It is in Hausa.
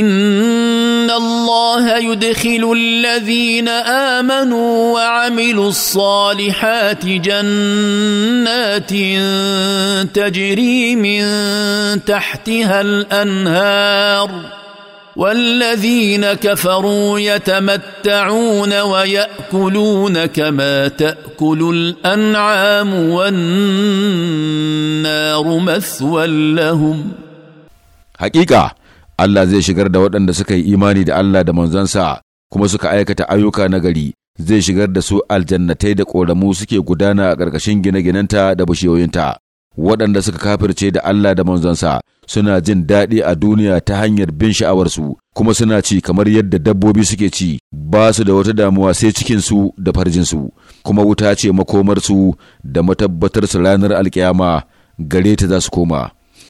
ان الله يدخل الذين امنوا وعملوا الصالحات جنات تجري من تحتها الانهار والذين كفروا يتمتعون وياكلون كما تاكل الانعام والنار مثوى لهم حقيقه Allah zai shigar da waɗanda suka yi imani da Allah da manzansa kuma suka aikata ayyuka nagari zai shigar da su aljannatai da ƙoramu suke gudana a ƙarƙashin gine-ginenta da bishiyoyinta. Waɗanda suka kafirce da Allah da manzansa suna jin daɗi a duniya ta hanyar bin sha'awarsu kuma suna ci kamar yadda dabbobi suke ci ba su da wata damuwa sai cikinsu da farjinsu kuma wuta ce makomarsu da matabbatar su ranar alkiyama gare ta za su koma.